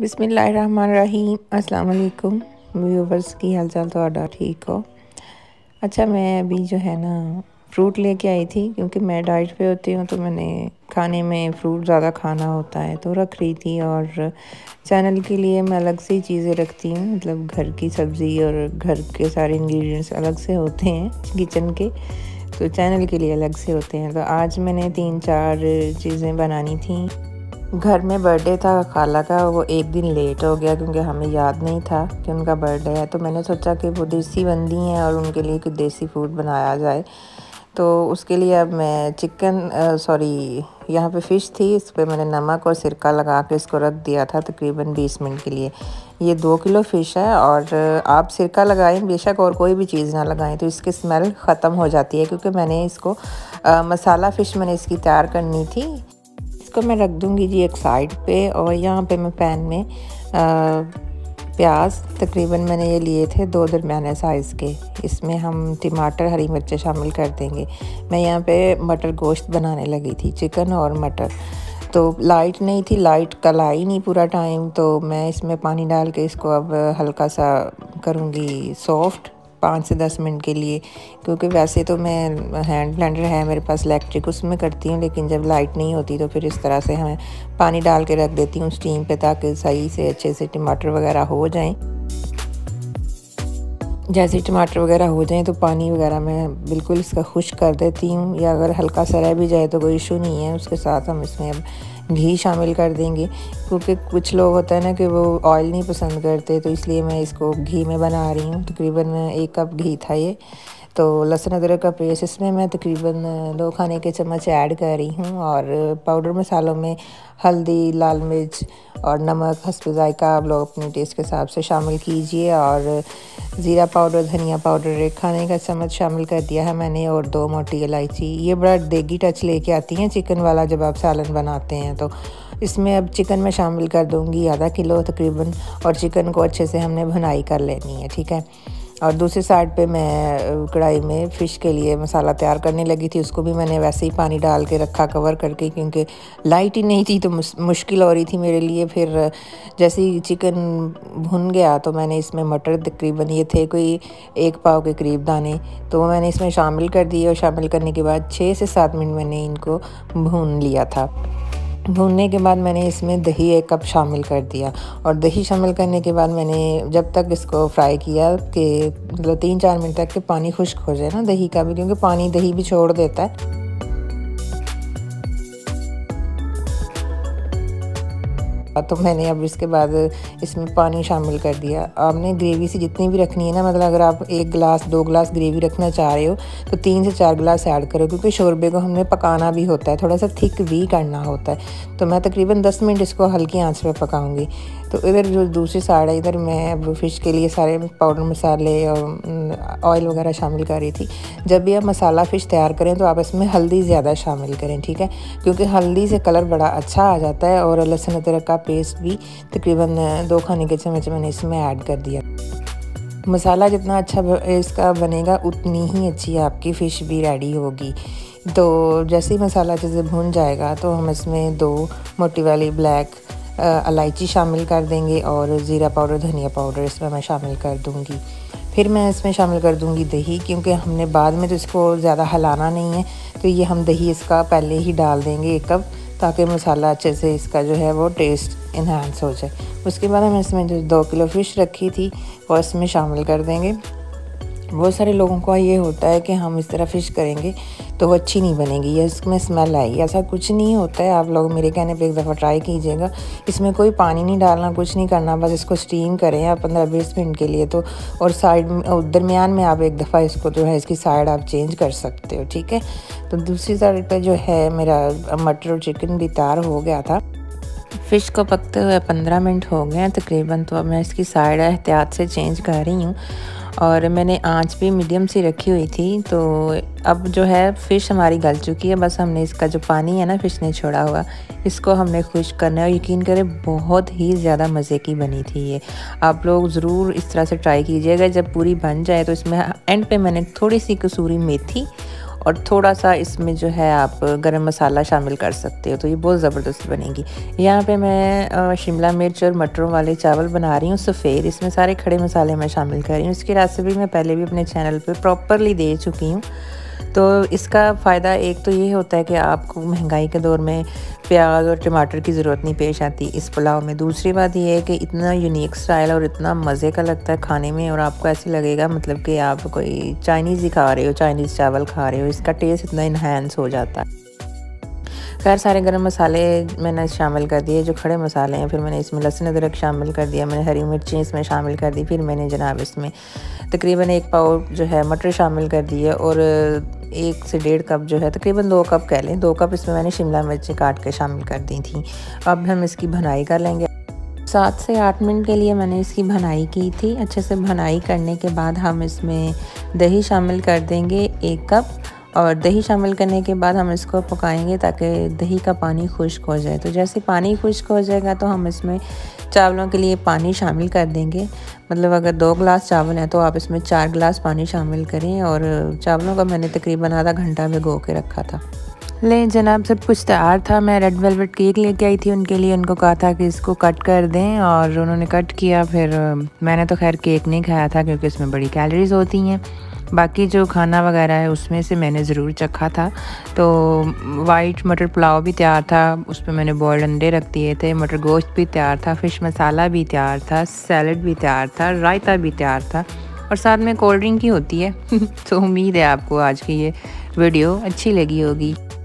ਬਿਸਮਿਲ੍ਲਾਹਿਰਰਹਿਮਾਨਿਰਰਹੀਮ अस्सलाम वालेकुम व्यूवर्स की हाल चाल थोड़ा ठीक हो अच्छा मैं अभी जो है ना फ्रूट लेके आई थी क्योंकि मैं डाइट पे होती हूँ तो मैंने खाने में फ़्रूट ज़्यादा खाना होता है तो रख रही थी और चैनल के लिए मैं अलग से ही चीज़ें रखती हूँ मतलब घर की सब्ज़ी और घर के सारे इंग्रेडिएंट्स अलग से होते हैं किचन के तो चैनल के लिए अलग से होते हैं तो आज मैंने तीन चार चीज़ें बनानी थी घर में बर्थडे था खाला का वो एक दिन लेट हो गया क्योंकि हमें याद नहीं था कि उनका बर्थडे है तो मैंने सोचा कि वो देसी बंदी हैं और उनके लिए कुछ देसी फूड बनाया जाए तो उसके लिए अब मैं चिकन सॉरी यहाँ पे फ़िश थी इस पर मैंने नमक और सिरका लगा के इसको रख दिया था तकरीबन बीस मिनट के लिए ये दो किलो फ़िश है और आप सिरका लगाएं बेशक और कोई भी चीज़ ना लगाएं तो इसकी स्मेल ख़त्म हो जाती है क्योंकि मैंने इसको आ, मसाला फ़िश मैंने इसकी तैयार करनी थी इसको मैं रख दूँगी जी एक साइड पे और यहाँ पे मैं पैन में प्याज तकरीबन मैंने ये लिए थे दो दरमियाने साइज़ के इसमें हम टमाटर हरी मिर्चें शामिल कर देंगे मैं यहाँ पे मटर गोश्त बनाने लगी थी चिकन और मटर तो लाइट नहीं थी लाइट कल आई नहीं पूरा टाइम तो मैं इसमें पानी डाल के इसको अब हल्का सा करूँगी सॉफ्ट पाँच से दस मिनट के लिए क्योंकि वैसे तो मैं हैंड ब्लेंडर है मेरे पास इलेक्ट्रिक उसमें करती हूँ लेकिन जब लाइट नहीं होती तो फिर इस तरह से हमें पानी डाल के रख देती हूँ स्टीम पे ताकि सही से अच्छे से टमाटर वगैरह हो जाएँ जैसे ही टमाटर वगैरह हो जाएं तो पानी वगैरह मैं बिल्कुल इसका खुश कर देती हूँ या अगर हल्का सा रह भी जाए तो कोई इशू नहीं है उसके साथ हम इसमें अब घी शामिल कर देंगे क्योंकि कुछ लोग होते हैं ना कि वो ऑयल नहीं पसंद करते तो इसलिए मैं इसको घी में बना रही हूँ तकरीबन तो एक कप घी था ये तो लहसुन अदरक का पेस्ट इसमें मैं तकरीबन दो खाने के चम्मच ऐड कर रही हूँ और पाउडर मसालों में हल्दी लाल मिर्च और नमक हसब जायका आप लोग अपने टेस्ट के हिसाब से शामिल कीजिए और ज़ीरा पाउडर धनिया पाउडर एक खाने का चम्मच शामिल कर दिया है मैंने और दो मोटी इलायची ये बड़ा देगी टच लेके आती हैं चिकन वाला जब आप सालन बनाते हैं तो इसमें अब चिकन मैं शामिल कर दूँगी आधा किलो तकरीबन और चिकन को अच्छे से हमने भुनाई कर लेनी है ठीक है और दूसरी साइड पे मैं कढ़ाई में फ़िश के लिए मसाला तैयार करने लगी थी उसको भी मैंने वैसे ही पानी डाल के रखा कवर करके क्योंकि लाइट ही नहीं थी तो मुश्किल हो रही थी मेरे लिए फिर जैसे ही चिकन भुन गया तो मैंने इसमें मटर तकरीबन ये थे कोई एक पाव के करीब दाने तो वो मैंने इसमें शामिल कर दिए और शामिल करने के बाद छः से सात मिनट मैंने इनको भून लिया था भूनने के बाद मैंने इसमें दही एक कप शामिल कर दिया और दही शामिल करने के बाद मैंने जब तक इसको फ्राई किया कि मतलब तीन चार मिनट तक के पानी खुश्क हो जाए ना दही का भी क्योंकि पानी दही भी छोड़ देता है रखा तो मैंने अब इसके बाद इसमें पानी शामिल कर दिया आपने ग्रेवी से जितनी भी रखनी है ना मतलब अगर आप एक गिलास दो गिलास ग्रेवी रखना चाह रहे हो तो तीन से चार गिलास ऐड करो क्योंकि शोरबे को हमने पकाना भी होता है थोड़ा सा थिक भी करना होता है तो मैं तकरीबन दस मिनट इसको हल्की आँच पर पकाऊँगी तो इधर जो दूसरी साइड है इधर मैं अब फिश के लिए सारे पाउडर मसाले और ऑयल वगैरह शामिल कर रही थी जब भी आप मसाला फ़िश तैयार करें तो आप इसमें हल्दी ज़्यादा शामिल करें ठीक है क्योंकि हल्दी से कलर बड़ा अच्छा आ जाता है और लहसुन अदरक का पेस्ट भी तकरीबन दो खाने के चम्मच मैंने इसमें ऐड कर दिया मसाला जितना अच्छा इसका बनेगा उतनी ही अच्छी आपकी फ़िश भी रेडी होगी तो जैसे ही मसाला अच्छे से भून जाएगा तो हम इसमें दो मोटी वाली ब्लैक इलायची शामिल कर देंगे और ज़ीरा पाउडर धनिया पाउडर इसमें मैं शामिल कर दूँगी फिर मैं इसमें शामिल कर दूँगी दही क्योंकि हमने बाद में तो इसको ज़्यादा हलाना नहीं है तो ये हम दही इसका पहले ही डाल देंगे एक कप ताकि मसाला अच्छे से इसका जो है वो टेस्ट इन्हांस हो जाए उसके बाद हम इसमें जो दो किलो फ़िश रखी थी वो इसमें शामिल कर देंगे बहुत सारे लोगों का ये होता है कि हम इस तरह फ़िश करेंगे तो वो अच्छी नहीं बनेगी या इसमें स्मेल आएगी ऐसा कुछ नहीं होता है आप लोग मेरे कहने पे एक दफ़ा ट्राई कीजिएगा इसमें कोई पानी नहीं डालना कुछ नहीं करना बस इसको स्टीम करें आप पंद्रह बीस मिनट के लिए तो और साइड दरमियान में आप एक दफ़ा इसको जो है इसकी साइड आप चेंज कर सकते हो ठीक है तो दूसरी साइड पर जो है मेरा मटर और चिकन भी तैयार हो गया था फ़िश को पकते हुए पंद्रह मिनट हो गए हैं तकरीबन तो अब मैं इसकी साइड एहतियात से चेंज कर रही हूँ और मैंने आंच भी मीडियम सी रखी हुई थी तो अब जो है फ़िश हमारी गल चुकी है बस हमने इसका जो पानी है ना फ़िश ने छोड़ा हुआ इसको हमने खुश करना है और यकीन करें बहुत ही ज़्यादा मज़े की बनी थी ये आप लोग ज़रूर इस तरह से ट्राई कीजिएगा जब पूरी बन जाए तो इसमें एंड पे मैंने थोड़ी सी कसूरी मेथी और थोड़ा सा इसमें जो है आप गरम मसाला शामिल कर सकते हो तो ये बहुत ज़बरदस्त बनेगी यहाँ पे मैं शिमला मिर्च और मटरों वाले चावल बना रही हूँ सफ़ेद इसमें सारे खड़े मसाले मैं शामिल कर रही हूँ इसकी रेसिपी मैं पहले भी अपने चैनल पर प्रॉपरली दे चुकी हूँ तो इसका फ़ायदा एक तो ये होता है कि आपको महंगाई के दौर में प्याज और टमाटर की ज़रूरत नहीं पेश आती इस पुलाव में दूसरी बात यह है कि इतना यूनिक स्टाइल और इतना मज़े का लगता है खाने में और आपको ऐसे लगेगा मतलब कि आप कोई चाइनीज़ ही खा रहे हो चाइनीज़ चावल खा रहे हो इसका टेस्ट इतना इन्हेंस हो जाता है खैर सारे गर्म मसाले मैंने शामिल कर दिए जो खड़े मसाले हैं फिर मैंने इसमें लहसुन अदरक शामिल कर दिया मैंने हरी मिर्ची इसमें शामिल कर दी फिर मैंने जनाब इसमें तकरीबन एक पाव जो है मटर शामिल कर दिए और एक से डेढ़ कप जो है तकरीबन दो कप कह लें दो कप इसमें मैंने शिमला मिर्ची काट के शामिल कर दी थी अब हम इसकी भुनाई कर लेंगे सात से आठ मिनट के लिए मैंने इसकी भनाई की थी अच्छे से भुनाई करने के बाद हम इसमें दही शामिल कर देंगे एक कप और दही शामिल करने के बाद हम इसको पकाएंगे ताकि दही का पानी खुश्क हो जाए तो जैसे पानी खुश्क हो जाएगा तो हम इसमें चावलों के लिए पानी शामिल कर देंगे मतलब अगर दो गिलास चावल हैं तो आप इसमें चार गिलास पानी शामिल करें और चावलों का मैंने तकरीबन आधा घंटा भिगो के रखा था ले जनाब सब कुछ तैयार था मैं रेड वेलवेट केक लेके आई थी उनके लिए उनको कहा था कि इसको कट कर दें और उन्होंने कट किया फिर मैंने तो खैर केक नहीं खाया था क्योंकि इसमें बड़ी कैलरीज़ होती हैं बाकी जो खाना वगैरह है उसमें से मैंने ज़रूर चखा था तो वाइट मटर पुलाव भी तैयार था उस पर मैंने बॉयल्ड अंडे रख दिए थे मटर गोश्त भी तैयार था फ़िश मसाला भी तैयार था सैलड भी तैयार था रायता भी तैयार था और साथ में कोल्ड ड्रिंक ही होती है तो उम्मीद है आपको आज की ये वीडियो अच्छी लगी होगी